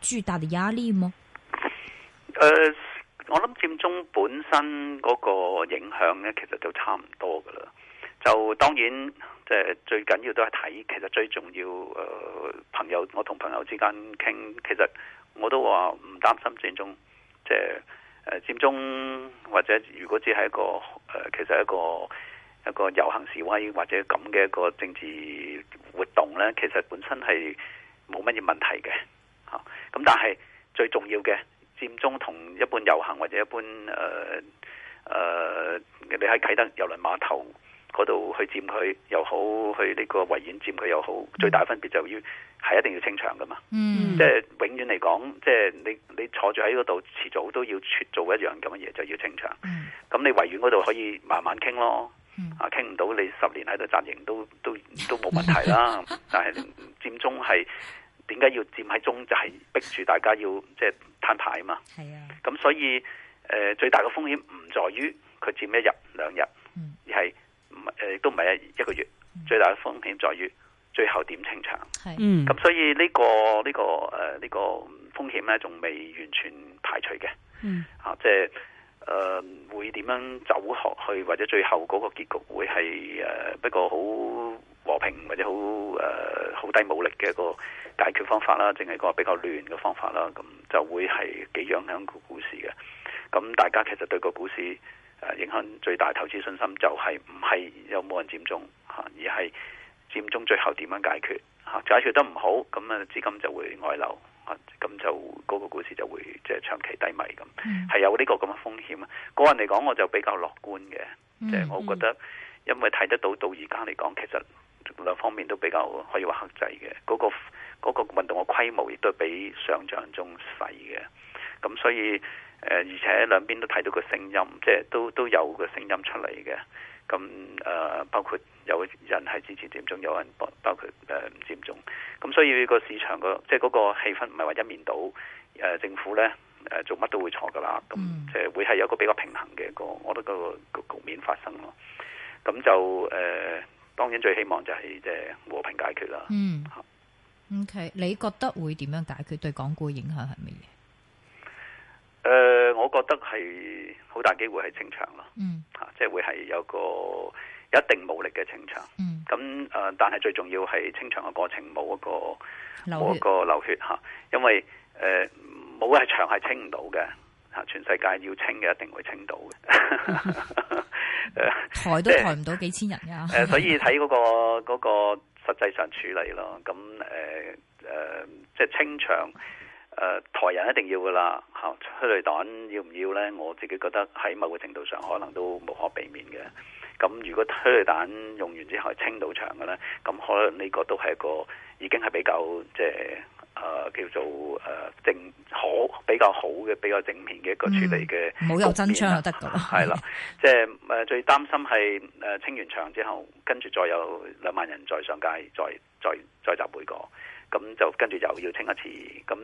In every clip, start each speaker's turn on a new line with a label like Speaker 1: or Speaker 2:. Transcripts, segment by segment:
Speaker 1: 巨大的壓力嗎？
Speaker 2: 誒，我諗佔中本身嗰個影響呢，其實就差唔多噶啦。就當然，即係最緊要都係睇，其實最重要誒，朋友，我同朋友之間傾，其實我都話唔擔心佔中，即係佔中或者如果只係一個誒，其實一個一個遊行示威或者咁嘅一個政治活動呢，其實本身係冇乜嘢問題嘅，吓。咁但係最重要嘅佔中同一般遊行或者一般誒誒、呃呃，你喺啟德郵輪碼頭嗰度去佔佢又好，去呢個維園佔佢又好，最大分別就要係一定要清場㗎嘛。嗯，即係永遠嚟講，即係你你坐住喺嗰度，遲早都要做一樣咁嘅嘢，就要清場。嗯，咁你維園嗰度可以慢慢傾咯。啊，傾唔到，你十年喺度紮營都都都冇問題啦。 但係佔中係。點解要佔喺中就係逼住大家要即係攤牌嘛？係啊。咁所以誒、呃，最大嘅風險唔在於佢佔一日兩日，嗯、而係唔誒亦都唔係一個月。嗯、最大嘅風險在於最後點清場。係、嗯。咁所以呢、呢個呢、呢個誒呢、呃呢個風險咧，仲未完全排除嘅。嗯。啊，即係誒會點樣走落去，或者最後嗰個結局會係誒、呃、不過好和平或者好誒好低武力嘅一、那個。解決方法啦，淨係個比較亂嘅方法啦，咁就會係幾影響個股市嘅。咁大家其實對個股市誒影響最大，投資信心就係唔係有冇人佔中嚇，而係佔中最後點樣解決嚇？解決得唔好，咁啊資金就會外流嚇，咁就嗰個股市就會即係長期低迷咁，係有呢個咁嘅風險啊。個人嚟講，我就比較樂觀嘅，
Speaker 3: 即係我覺
Speaker 2: 得，因為睇得到到而家嚟講，其實。兩方面都比較可以話克制嘅，嗰、那個嗰、那個運動嘅規模亦都比想象中細嘅。咁所以誒、呃，而且兩邊都睇到個聲音，即係都都有個聲音出嚟嘅。咁誒、呃，包括有人係支持佔中，有人包括誒唔佔中。咁所以個市場即個即係嗰個氣氛唔係話一面倒。誒、呃、政府咧誒、呃、做乜都會錯噶啦。咁即係會係有一個比較平衡嘅一個，我覺得個局局面發生咯。咁就誒。呃當然最希望就係即係和平解決
Speaker 1: 啦。嗯。好、啊。O Okay . K，你覺得會點樣解決？對港股影響係咩嘢？誒、
Speaker 2: 呃，我覺得係好大機會係清場咯。嗯。嚇、啊，即係會係有一個一定武力嘅清場。嗯。咁誒、呃，但係最重要係清場嘅過程冇一個流血嚇，因為誒冇一場係清唔到嘅嚇，全世界要清嘅一定會清到嘅。嗯 抬都抬唔到
Speaker 1: 幾千人噶，誒， 所以睇
Speaker 2: 嗰、那個嗰、那個實際上處理咯，咁誒誒，即係清場，誒、呃，抬人一定要噶啦，嚇、啊，催淚彈要唔要咧？我自己覺得喺某個程度上可能都無可避免嘅。咁如果催淚彈用完之後係清到場嘅咧，咁可能呢個都係一個已經係比較即係。誒、呃、叫做誒、呃、正好比較好嘅比較正面嘅一個處理嘅，冇用真
Speaker 1: 槍就得㗎，係啦
Speaker 2: 即係誒最擔心係誒、呃、清完場之後，跟住再有兩萬人再上街，再再再集會個。咁就跟住又要清一次，咁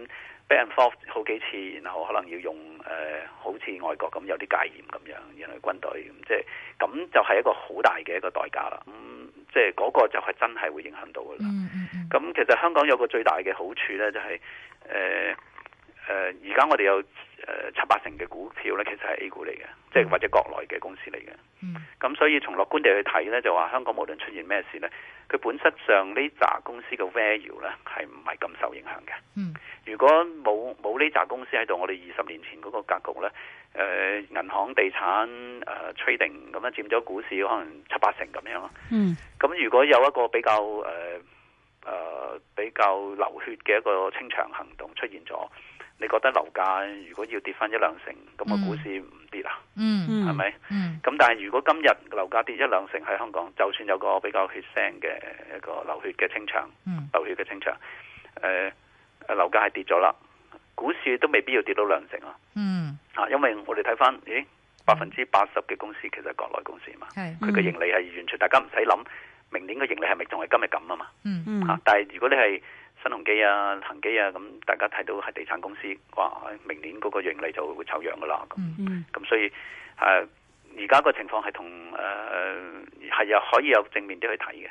Speaker 2: 俾人放好幾次，然後可能要用誒、呃，好似外國咁有啲戒嚴咁樣，然後軍隊咁即係，咁就係、係、一個好大嘅一個代價啦。咁即係嗰個就係真係會影響到噶啦。咁、mm hmm. 其實香港有個最大嘅好處咧，就係誒誒，而、呃、家、呃、我哋有。誒、呃，七八成嘅股票咧，其實係 A 股嚟嘅，即係或者國內嘅公司嚟嘅。嗯，咁所以從樂觀地去睇咧，就話香港無論出現咩事咧，佢本質上呢扎公司嘅 value 咧係唔係咁受影響嘅。嗯，如果冇冇呢扎公司喺度，我哋二十年前嗰個格局咧，誒、呃，銀行地產誒，Trading 咁樣佔咗股市可能七八成咁樣咯。
Speaker 3: 嗯，
Speaker 2: 咁如果有一個比較誒。呃誒、呃，比較流血嘅一個清場行動出現咗，你覺得樓價如果要跌翻一兩成，咁個、嗯、股市唔跌啊？嗯係咪？嗯，咁吧、嗯嗯、但係如果今日樓價跌一兩成喺香港，就算有個比較血腥嘅一個流血嘅清場，嗯、流血嘅清場，誒、呃、誒，樓價係跌咗啦，股市都未必要跌到兩成啊。
Speaker 3: 嗯，
Speaker 2: 嗯啊，因為我哋睇翻，咦，百分之八十嘅公司其實係國內公司嘛，係，
Speaker 3: 佢嘅盈利
Speaker 2: 係完全大家唔使諗。嗯明年嘅盈利係咪仲係今日咁啊嘛？嗯嗯、啊。但係如果你係新鴻基啊、恒基啊，咁大家睇到係地產公司，哇！明年嗰個盈利就會走樣噶啦。嗯咁所以，誒、啊，而家個情況係同誒係又可以有正面啲去睇嘅。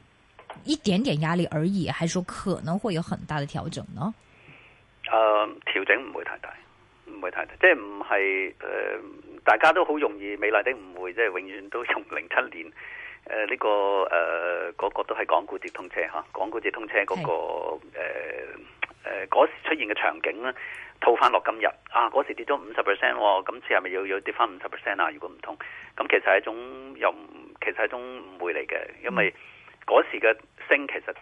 Speaker 1: 一點點壓力而已，還是說可能會有很大的調整呢？誒、
Speaker 3: 呃，
Speaker 2: 調整唔會太大，唔會太大，即係唔係誒，大家都好容易美麗的誤會，即係永遠都從零七年誒呢、呃這個誒、呃，個，個都係港股直通車吓、啊，港股直通車嗰、那個誒誒嗰時出現嘅場景咧，套翻落今日啊，嗰時跌咗五十 percent，今次係咪要要跌翻五十 percent 啊？如果唔通，咁其實係一種又唔，其實係一種誤會嚟嘅，因為。嗯嗰時嘅升其實，誒、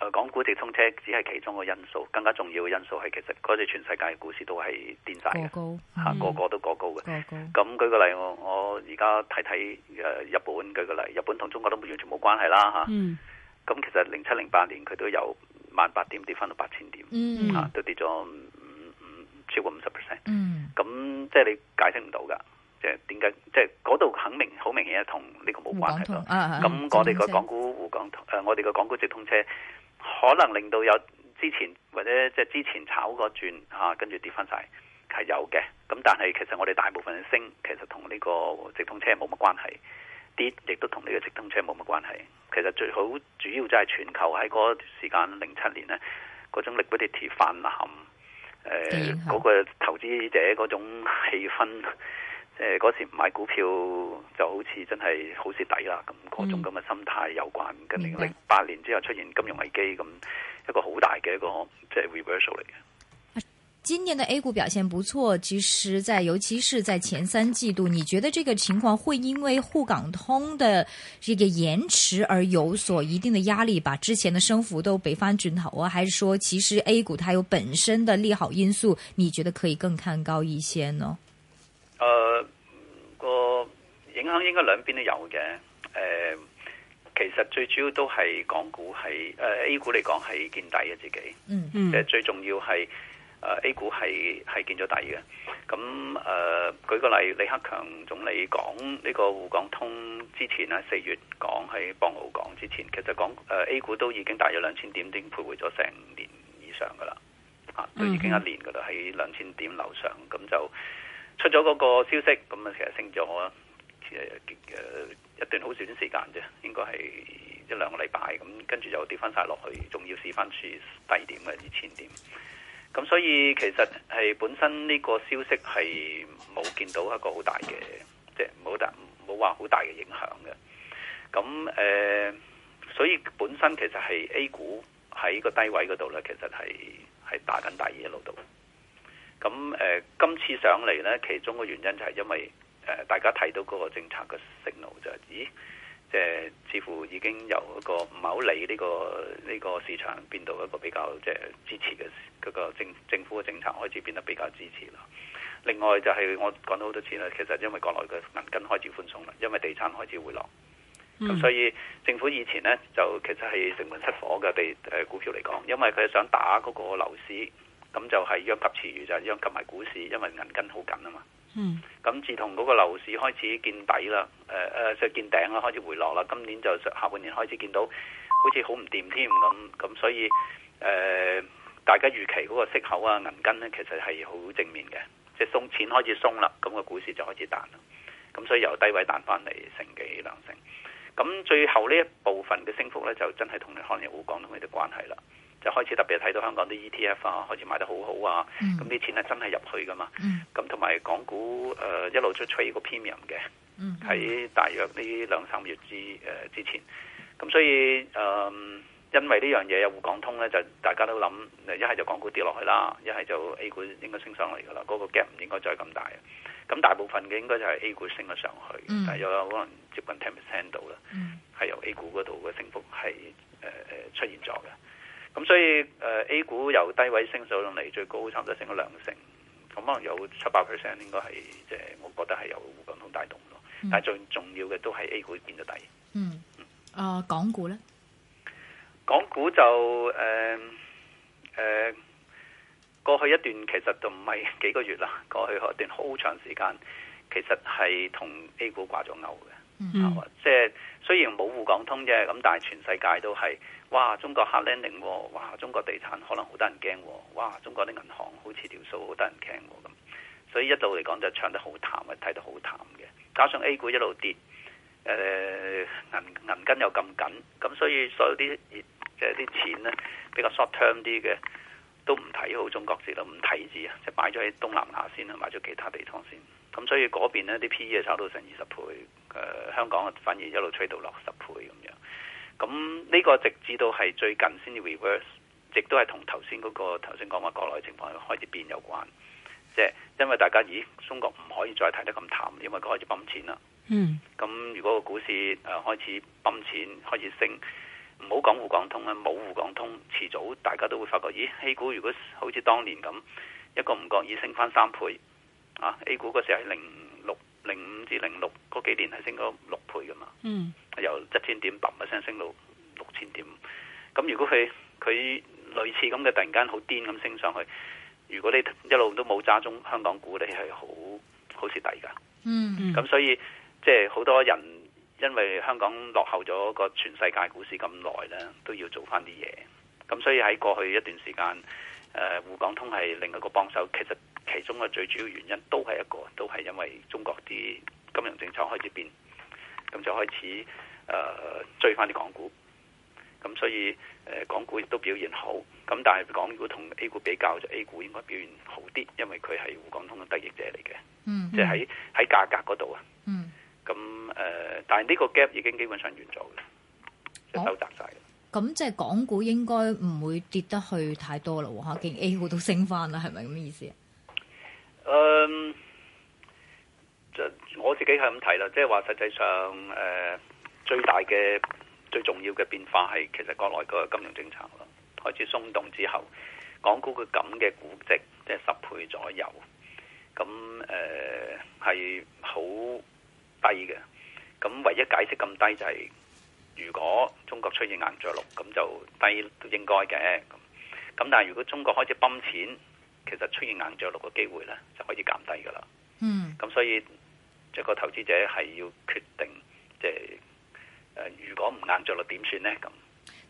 Speaker 2: 呃，港股直通車只係其中個因素，更加重要嘅因素係其實嗰時全世界嘅股市都係癲晒嘅，
Speaker 3: 吓、嗯啊、個個
Speaker 2: 都過高嘅。咁、嗯、舉個例，我我而家睇睇誒日本，舉個例，日本同中國都完全冇關係啦吓。咁、啊嗯、其實零七零八年佢都有萬八點跌翻到八千
Speaker 3: 點，點嗯、啊、
Speaker 2: 都跌咗五五超過五十 percent，咁即係你解釋唔到噶。點解？即係嗰度好明顯係，好明顯係同呢個冇關係咯。咁、啊嗯、我哋個港股港誒，我哋個港股直通車，可能令到有之前或者即係之前炒過轉吓，跟住跌翻晒，係有嘅。咁但係其實我哋大部分嘅升，其實同呢個直通車冇乜關係，跌亦都同呢個直通車冇乜關係。其實最好主要就係全球喺嗰個時間零七年呢，嗰種 liquidity 泛濫，誒、呃，嗰、嗯、個投資者嗰種氣氛。即嗰、呃、時唔買股票就好似真係好蝕底啦，咁嗰種咁嘅心態有關。跟住零八年之後出現金融危機，咁一個好大嘅一個即係、就是、reversal 嚟
Speaker 1: 嘅、啊。今年的 A 股表現不錯，其實在，在尤其是在前三季度，你覺得這個情況會因為滬港通的這個延遲而有所一定的壓力？把之前的升幅都畀返轉頭啊？還是說，其實 A 股它有本身的利好因素？你覺得可以更看高一些呢？誒、
Speaker 3: 呃。
Speaker 2: 個影響應該兩邊都有嘅。誒、呃，其實最主要都係港股係，誒、呃、A 股嚟講係見底嘅自己，嗯嗯，誒、嗯、最重要係誒、呃、A 股係係見咗底嘅，咁誒、呃、舉個例，李克強總理講呢個滬港通之前啊，四月講喺博鰲講之前，其實港誒、呃、A 股都已經大約兩千點，已經徘徊咗成年以上噶啦，吓都、嗯嗯啊、已經一年噶啦，喺兩千點樓上，咁就。出咗嗰個消息，咁啊，其實升咗，誒一段好短時間啫，應該係一兩個禮拜，咁跟住又跌翻晒落去，仲要試翻住低點啊，二千點。咁所以其實係本身呢個消息係冇見到一個好大嘅，即係冇大冇話好大嘅影響嘅。咁誒，所以本身其實係 A 股喺個低位嗰度咧，其實係係打緊大贏一路度。咁誒、呃，今次上嚟呢，其中嘅原因就係因為誒、呃、大家睇到嗰個政策嘅承諾就係、是，咦，即、呃、似乎已經由一個唔係好理呢、這個呢、這個市場變到一個比較即係支持嘅嗰政政府嘅政策開始變得比較支持啦。另外就係我講咗好多次啦，其實因為國內嘅銀根開始寬鬆啦，因為地產開始回落，
Speaker 3: 咁、嗯、所以
Speaker 2: 政府以前呢，就其實係成本失火嘅地誒股票嚟講，因為佢想打嗰個樓市。咁就係殃及池魚，就係殃及埋股市，因為銀根好緊啊嘛。嗯。咁自從嗰個樓市開始見底啦，誒誒就見頂啦，開始回落啦。今年就下半年開始見到，好似好唔掂添咁。咁所以誒、呃，大家預期嗰個息口啊、銀根咧，其實係好正面嘅，即係鬆錢開始鬆啦，咁、個股市就開始彈啦。咁所以由低位彈翻嚟成幾兩成。咁最後呢一部分嘅升幅咧，就真係同你康業好講到嘅啲關係啦。就開始特別睇到香港啲 ETF 啊，開始賣得好好啊，咁啲、mm hmm. 錢係真係入去噶嘛。咁同埋港股誒、呃、一路出 trade 個 premium 嘅，喺、mm hmm. 大約呢兩三月之誒、呃、之前。咁所以誒、呃，因為呢樣嘢有滬港通咧，就大家都諗，一係就港股跌落去啦，一係就 A 股應該升上嚟噶啦。嗰、那個 gap 唔應該再咁大。咁大部分嘅應該就係 A 股升咗上去，又有、mm hmm. 可能接近10%度啦。係、mm hmm. 由 A 股嗰度嘅升幅係誒誒出現咗嘅。咁所以，誒 A 股由低位升咗用嚟，最高差唔多升咗兩成，咁可能有七八 percent 應該係，即、呃、係我覺得係由滬港通帶動咯。但係最重要嘅都係 A 股變咗底。嗯，啊港股咧，港股,港股就誒誒、呃呃、過去一段其實就唔係幾個月啦，過去一段好長時間，其實係同 A 股掛咗鈎嘅，係嘛、嗯？即係、就是、雖然冇滬港通啫，咁但係全世界都係。哇！中國 hard landing 喎，哇！中國地產可能好多人驚喎，哇！中國啲銀行好似條數好多人驚喎咁，所以一路嚟講就唱得好淡，睇得好淡嘅。加上 A 股一路跌，誒、呃、銀銀根又咁緊，咁所以所有啲即啲錢呢，比較 short term 啲嘅都唔睇好中國字，都唔睇字。啊，即係擺咗喺東南亞先啦，買咗其他地方先。咁所以嗰邊咧啲 PE 炒到成二十倍，誒、呃、香港反而一路吹到落十倍咁。咁呢個直至到係最近先至 reverse，亦都係同頭先嗰個頭先講話國內情況開始變有關。即係因為大家咦，中國唔可以再睇得咁淡，因為佢開始泵錢啦。嗯。咁如果個股市誒開始泵錢，開始升，唔好講滬港通啦，冇滬港通，遲早大家都會發覺，咦，A 股如果好似當年咁，一個唔覺意升翻三倍，啊，A 股嗰時係零六、零五至零六嗰幾年係升咗六倍噶嘛。嗯。1 由一千點嘣一聲升到六千點，咁如果佢佢類似咁嘅突然間好癲咁升上去，如果你一路都冇揸中香港股，你係好好蝕底噶。嗯，咁、
Speaker 3: mm hmm.
Speaker 2: 所以即係好多人因為香港落後咗個全世界股市咁耐咧，都要做翻啲嘢。咁所以喺過去一段時間，誒、呃、滬港通係另外一個幫手。其實其中嘅最主要原因都係一個，都係因為中國啲金融政策開始變，咁就開始。誒，追翻啲港股，咁所以誒、呃、港股亦都表現好，咁但係港股同 A 股比較，就 A 股應該表現好啲，因為佢係滬港通嘅得益者嚟嘅、嗯，嗯，即係喺喺價格嗰度啊，嗯，咁誒、呃，但係呢個 gap 已經基本上完咗嘅，哦、就收
Speaker 1: 窄晒，咁即係港股應該唔會跌得去太多啦，吓、啊，見 A 股都升翻啦，係咪咁嘅意思啊？嗯，
Speaker 2: 即係我自己係咁睇啦，即係話實際上誒。呃最大嘅最重要嘅變化係其實國內個金融政策咯，開始鬆動之後，港股嘅咁嘅估值即係十倍左右，咁誒係好低嘅。咁唯一解釋咁低就係、是、如果中國出現硬着陸，咁就低都應該嘅。咁咁但係如果中國開始泵錢，其實出現硬着陸嘅機會咧就可以減低噶啦。嗯，咁所以即係、這個投資者係要決定即係，就是誒，如果唔硬着陸點算呢？咁，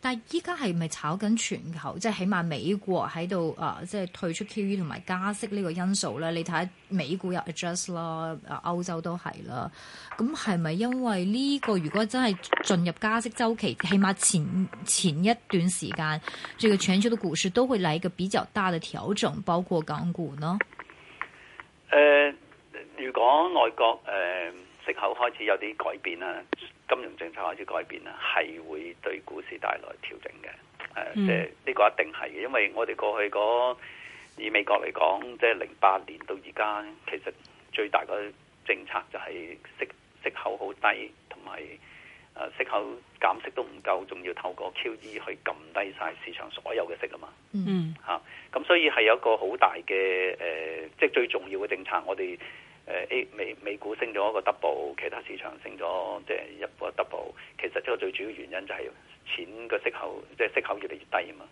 Speaker 1: 但係依家係咪炒緊全球？即、就、係、是、起碼美國喺度啊，即、呃、係、就是、退出 QE 同埋加息呢個因素咧。你睇美股有 address 啦，啊，歐洲都係啦。咁係咪因為呢、這個如果真係進入加息周期，起碼前前一段時間，這個全球嘅股市都會嚟一個比較大嘅調整，包括港股呢？誒、
Speaker 2: 呃，如果外國誒息、呃、口開始有啲改變啦。金融政策開始改變啦，係會對股市帶來調整嘅，誒、嗯，即係呢個一定係嘅，因為我哋過去嗰以美國嚟講，即係零八年到而家，其實最大嘅政策就係息息口好低，同埋誒息口減息都唔夠，仲要透過 QE 去撳低晒市場所有嘅息啊嘛，嗯，嚇、啊，咁所以係有一個好大嘅誒、呃，即係最重要嘅政策，我哋。誒 A 美美股升咗一個 double，其他市場升咗即係一個 double。其實呢個最主要原因就係錢嘅息口，即係息口越嚟越低啊嘛。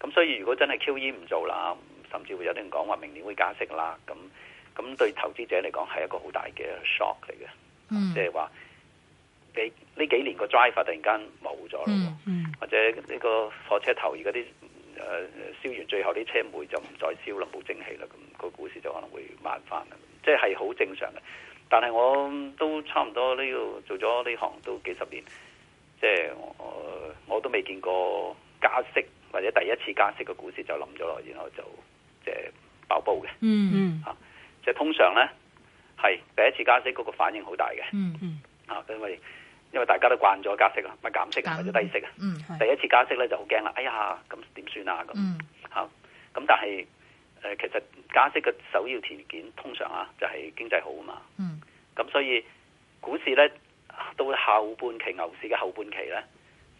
Speaker 2: 咁所以如果真係 QE 唔做啦，甚至會有啲人講話明年會加息啦。咁咁對投資者嚟講係一個好大嘅 shock 嚟嘅，即係話幾呢幾年個 drive 突然間冇咗咯，mm. 或者呢個火車頭而家啲燒完最後啲車煤，就唔再燒啦，冇蒸汽啦，咁個股市就可能會慢翻啦。即係好正常嘅，但係我都差唔多呢度做咗呢行都幾十年，即係我，我都未見過加息或者第一次加息嘅股市就冧咗落，然後就即係爆煲嘅。嗯嗯，吓即係通常呢係第一次加息嗰個反應好大嘅。嗯嗯，吓因為因為大家都慣咗加息啊，咪減息或者低息啊。第一次加息呢就好驚啦，哎呀咁點算啊咁。吓咁但係。誒，其實加息嘅首要條件，通常啊，就係經濟好啊嘛。嗯。咁所以股市咧，到後半期牛市嘅後半期咧，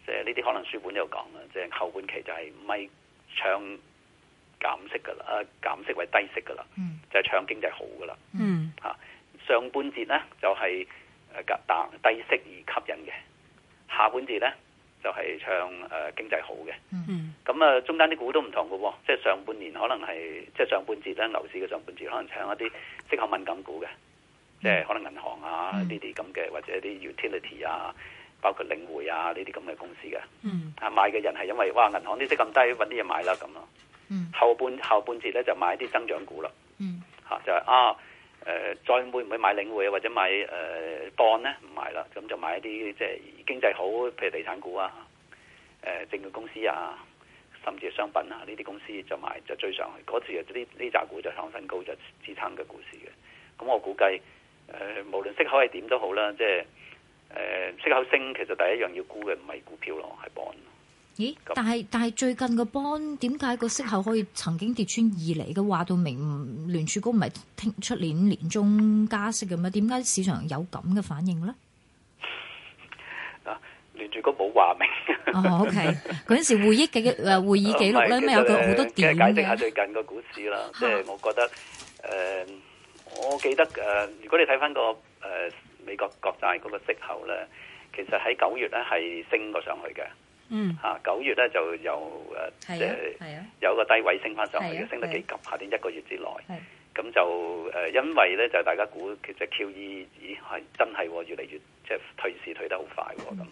Speaker 2: 即係呢啲可能書本有講啦，即係後半期就係唔係唱減息嘅啦，啊減息為低息嘅啦，嗯，就係唱經濟好嘅啦，嗯，嚇上半節咧就係誒打低息而吸引嘅，下半節咧。就係唱誒經濟好嘅，咁啊、mm hmm. 中間啲股都唔同嘅喎、哦，即、就、係、是、上半年可能係即係上半年上半截咧，牛市嘅上半截可能唱一啲適合敏感股嘅，
Speaker 3: 即係、mm hmm. 可能
Speaker 2: 銀行啊呢啲咁嘅，或者啲 utility 啊，包括領匯啊呢啲咁嘅公司嘅，嗯、mm，啊、hmm. 買嘅人係因為哇銀行啲息咁低，揾啲嘢買啦咁咯，嗯、mm hmm.，後半後半截咧就買啲增長股啦，嗯、mm，嚇就係啊。就是啊誒、呃、再會唔會買領匯啊，或者買誒 bond 咧唔買啦，咁就買一啲即係經濟好，譬如地產股啊、誒證券公司啊，甚至係商品啊呢啲公司就買就追上去。嗰次啊，呢呢扎股就創新高，就支撐個股市嘅。咁我估計誒、呃，無論息口係點都好啦，即係誒息口升，其實第一樣要估嘅唔係股票咯，係 bond。
Speaker 1: 咦？但係但係最近個 bond 點解個息口可以曾經跌穿二釐嘅？話到明聯儲局唔係聽出年年中加息嘅咩？點解市場有咁嘅反應咧？
Speaker 2: 啊，聯儲局冇話明。哦、 oh,，OK，嗰
Speaker 1: 陣 時會議嘅誒、呃、會議記錄咧，有好多點嘅。即係、呃、解釋下最
Speaker 2: 近個股市啦，啊、即係我覺得誒、呃，我記得誒、呃，如果你睇翻個誒美國國債嗰個息口咧，其實喺九月咧係升過上去嘅。嗯嚇，九、mm. 月咧就由誒即係有個低位升翻上去嘅，啊啊、升得幾急下年一個月之內。咁、啊、就誒、呃，因為咧就大家估其實 QE 二係真係越嚟越即係、就是、退市退得好快喎咁。Mm.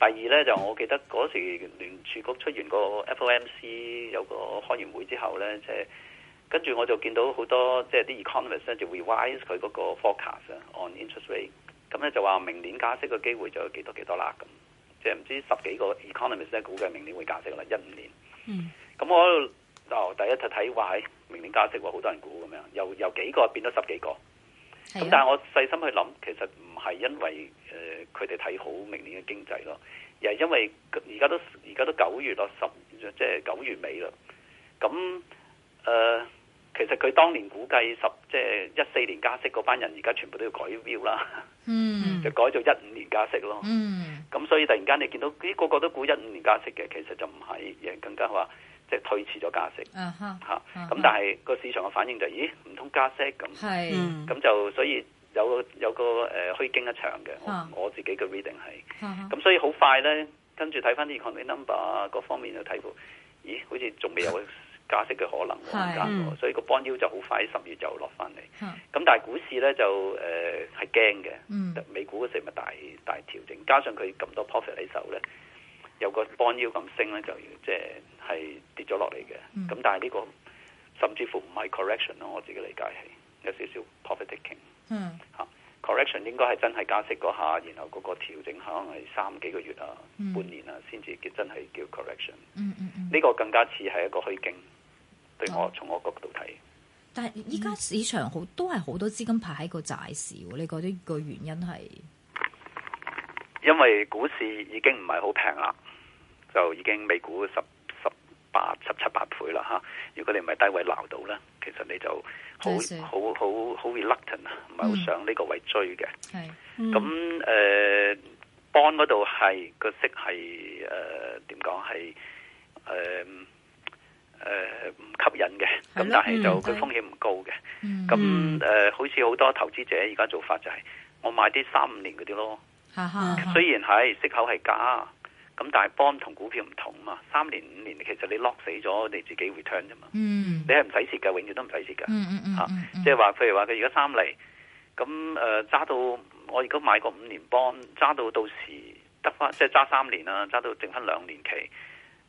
Speaker 2: 第二咧就我記得嗰時聯儲局出完個 FOMC 有個開完會之後咧，即係跟住我就見到好多即係啲 economists 就 revise 佢嗰個 forecast on interest rate。咁咧就話明年加息嘅機會就有幾多幾多啦咁。即係唔知十幾個 economist 先係估嘅，明年會加息啦，一五年。
Speaker 3: 嗯。
Speaker 2: 咁我哦，第一就睇話喺明年加息喎，好多人估咁樣，由由幾個變咗十幾個。
Speaker 3: 咁、啊、但係我
Speaker 2: 細心去諗，其實唔係因為誒佢哋睇好明年嘅經濟咯，而係因為而家都而家都九月咯，十即係九月尾咯。咁誒。呃 其實佢當年估計十即係一四年加息嗰班人，而家全部都要改 view 啦，嗯，就改做一五年加息咯， 嗯，咁所以突然間你見到啲個個都估一五年加息嘅，其實就唔係嘢，更加話即係推遲咗加息，吓、uh，咁、huh, uh huh. 啊、但係個市場嘅反應就是、咦唔通加息咁，係，咁、uh huh. 就所以有有個誒虛驚一場嘅，我自己嘅 reading 係，咁、uh huh. 所以好快咧，跟住睇翻啲 converting number 啊，各方面去睇過，咦，好似仲未有 加息嘅可能，嗯、所以個 bond yield 就好快喺十月就落翻嚟。咁、啊、但係股市咧就誒係驚
Speaker 3: 嘅，美
Speaker 2: 股嗰時咪大大調整，加上佢咁多 profit 喺手咧，有個 bond yield 咁升咧，就要即係跌咗落嚟嘅。咁是但係呢個甚至乎唔係 correction 咯，我自己理解係有少少 profit taking 是。嚇是，correction 應該係真係加息嗰下，然後嗰個調整可能係三幾個月啊、嗯、半年啊先至真係叫 correction。呢個更加似係一個虛驚。對。我從我角度睇，嗯、
Speaker 1: 但係依家市場好都係好多資金排喺個債市，你覺得個原因係
Speaker 2: 因為股市已經唔係好平啦，就已經美股十十八十七,七八倍啦吓。如果你唔係低位撈到咧，其實你就的好好好好 reluctant 啊，唔係好想呢個位追嘅。係咁誒 bond 嗰度係個息係誒點講係誒。呃誒，唔、呃、吸引嘅，咁但係就佢風險唔高嘅，
Speaker 3: 咁誒，
Speaker 2: 好似好多投資者而家做法就係，我買啲三五年嗰啲咯，嗯
Speaker 3: 嗯、雖然
Speaker 2: 係息口係假，咁但係 b 同股票唔同嘛，三年五年其實你 lock 死咗，你自己回填啫嘛，嗯、你係唔使蝕嘅，永遠都唔使蝕噶，即係話譬如話佢而家三嚟，咁誒揸到我如果買個五年 b 揸到到時得翻，即係揸三年啦，揸到剩翻兩年期。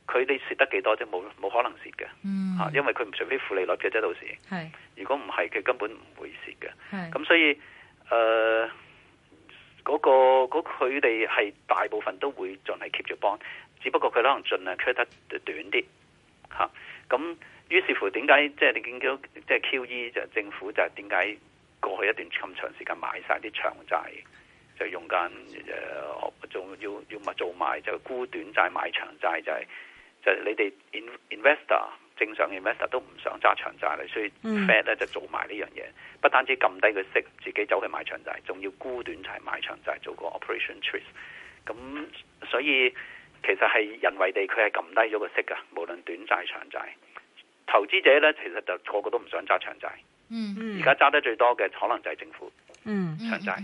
Speaker 2: 佢哋蝕得幾多啫？冇冇可能蝕嘅，嚇、嗯！因為佢唔除非負利率嘅啫，到時。係是。如果唔係，佢根本唔會蝕嘅。咁是所以，誒、呃，嗰、那個佢哋係大部分都會盡係 keep 住幫，只不過佢可能盡量 cut 得短啲，嚇、啊。咁於是乎點解即係你見到即係 QE 就，是 e、就政府就係點解過去一段咁長時間買晒啲長債，就用緊誒仲要要物做埋就沽短債買長債就係、是。就係你哋 investor 正常 investor 都唔想揸長債嚟，所以 Fed 咧就做埋呢樣嘢，不單止撳低佢息，自己走去買長債，仲要沽短債買長債做個 Operation Twist。咁所以其實係人為地佢係撳低咗個息啊，無論短債長債。投資者咧其實就個個都唔想揸長債。嗯嗯、mm。而家揸得最多嘅可能就係政府。嗯嗯、mm。
Speaker 3: Hmm. 長債。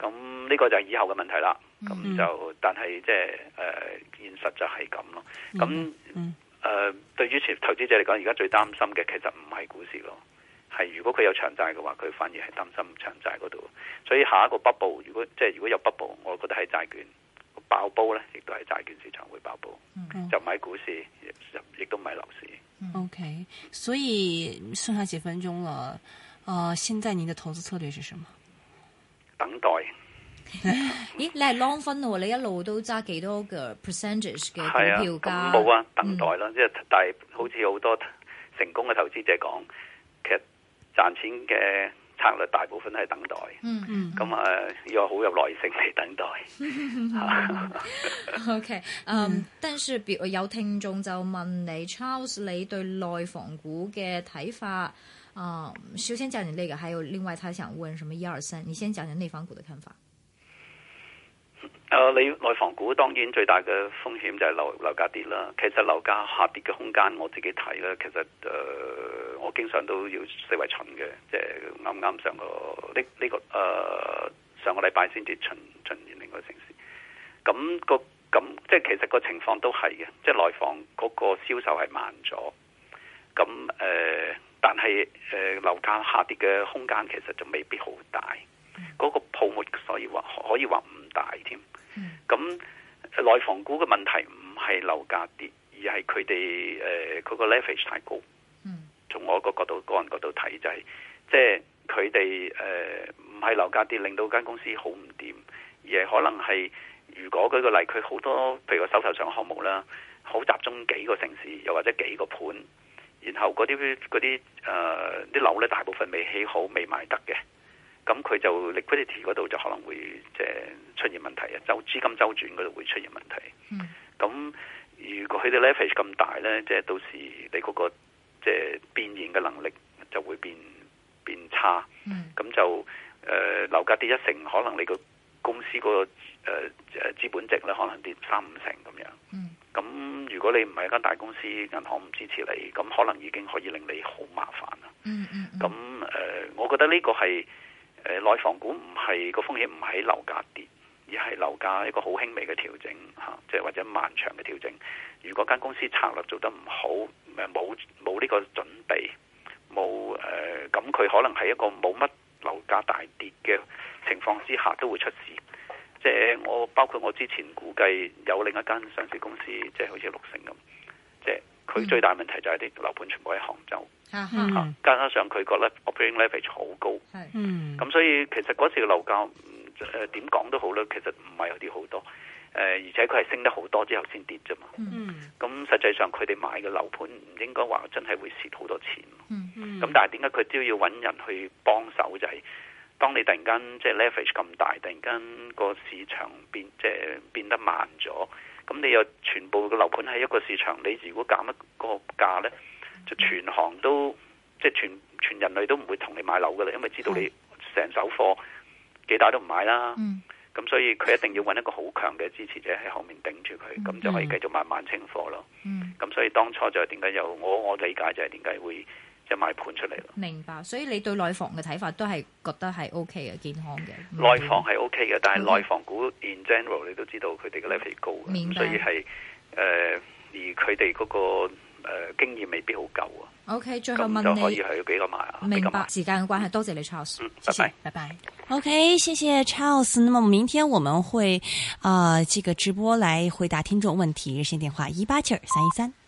Speaker 2: 咁呢、呢個就係以後嘅問題啦。咁就，嗯嗯、但係即係誒，現實就係咁咯。咁誒，對於投資者嚟講，而家最擔心嘅其實唔係股市咯，係如果佢有長債嘅話，佢反而係擔心長債嗰度。所以下一個 bubble，如果即係如果有 bubble，我哋覺得喺債券爆煲咧，亦都係債券市場會爆煲，
Speaker 3: 嗯、
Speaker 2: 就唔係股市，亦亦都唔係樓市。嗯、
Speaker 1: o、okay. K，所以剩下幾分鐘啦。啊、呃，現在您的投資策略是什麼？
Speaker 2: 等待。
Speaker 1: 咦，你係 long 分咯？你一路都揸幾多個 percentage 嘅股票㗎？冇啊，嗯嗯
Speaker 2: 嗯、等待啦。即係但係，好似好多成功嘅投資者講，其實賺錢嘅策略大部分都係等待。咁啊、嗯嗯嗯、要好有耐性嚟等待。
Speaker 1: o k 嗯， okay, um, 但是有聽眾就問你 Charles，你對內房股嘅睇法？嗯，首先講你呢、這個，還有另外，他想問什麼一二三？你先講講內房股嘅看法。
Speaker 2: 誒、呃，你內房股當然最大嘅風險就係樓樓價跌啦。其實樓價下跌嘅空間，我自己睇啦，其實誒、呃，我經常都要四圍巡嘅，即係啱啱上個呢呢、這個誒、呃、上個禮拜先至巡巡完另一個城市。咁個咁即係其實個情況都係嘅，即係內房嗰個銷售係慢咗。咁誒、呃，但係誒樓價下跌嘅空間其實就未必好大，嗰、那個泡沫，所以話可以話唔。大添、
Speaker 3: 嗯，
Speaker 2: 咁內房股嘅問題唔係樓價跌，而係佢哋誒佢個 leverage 太高。嗯，從我個角度個人角度睇就係、是，即係佢哋誒唔係樓價跌令到間公司好唔掂，而係可能係如果舉個例佢好多，譬如個手頭上項目啦，好集中幾個城市，又或者幾個盤，然後嗰啲嗰啲誒啲樓咧大部分未起好，未賣得嘅。咁佢就 liquidity 嗰度就可能會即係出現問題啊，就資金周轉嗰度會出現問題。咁、mm. 如果佢哋 leverage 咁大咧，即係到時你嗰個即係變現嘅能力就會變變差。咁、mm. 就誒樓價跌一成，可能你個公司個誒、呃、誒資本值咧，可能跌三五成咁樣。咁、mm. 如果你唔係一間大公司，銀行唔支持你，咁可能已經可以令你好麻煩啦、mm。咁、hmm. 誒、呃、我覺得呢個係。誒內房股，唔係個風險，唔係樓價跌，而係樓價一個好輕微嘅調整吓，即係或者漫長嘅調整。如果間公司策略做得唔好，誒冇冇呢個準備，冇誒咁，佢、呃、可能係一個冇乜樓價大跌嘅情況之下都會出事。即係我包括我之前估計有另一間上市公司，即、就、係、是、好似綠城咁。佢最大問題就係啲樓盤全部喺杭州，uh huh。加上佢覺得 operating leverage 好高，咁、
Speaker 3: uh huh。
Speaker 2: 所以其實嗰時嘅樓價，誒點講都好啦，其實唔係有啲好多，誒、呃、而且佢係升得好多之後先跌啫嘛，咁、uh huh。實際上佢哋買嘅樓盤唔應該話真係會蝕好多錢，咁、
Speaker 3: uh huh。但
Speaker 2: 係點解佢都要揾人去幫手就係、是，當你突然間即係 leverage 咁大，突然間個市場變即係、就是、變得慢咗。咁你又全部嘅樓盤喺一個市場，你如果減一個價咧，就全行都即係全全人類都唔會同你買樓噶啦，因為知道你成手貨幾大都唔買啦。咁、嗯、所以佢一定要揾一個好強嘅支持者喺後面頂住佢，咁、嗯、就可以繼續慢慢清貨咯。咁、嗯、所以當初就係點解又我我理解就係點解會。就賣盤出嚟咯。
Speaker 1: 明白，所以你對內房嘅睇法都係覺得係 O K 嘅，健康
Speaker 2: 嘅。內房係 O K 嘅，但係內房股 in general，你都知道佢哋嘅 level 高，咁白所以係誒，而佢哋嗰個誒、呃、經驗未必好夠啊。O、
Speaker 1: okay, K，最後問你，咁就可以係比較慢啊。明白。時間嘅關係，多謝你 Charles，、嗯、謝謝拜拜。O、okay, K，謝謝 Charles。那麼明天我們會啊、呃，這個直播來回答聽眾問題，熱線電話一八七二三一三。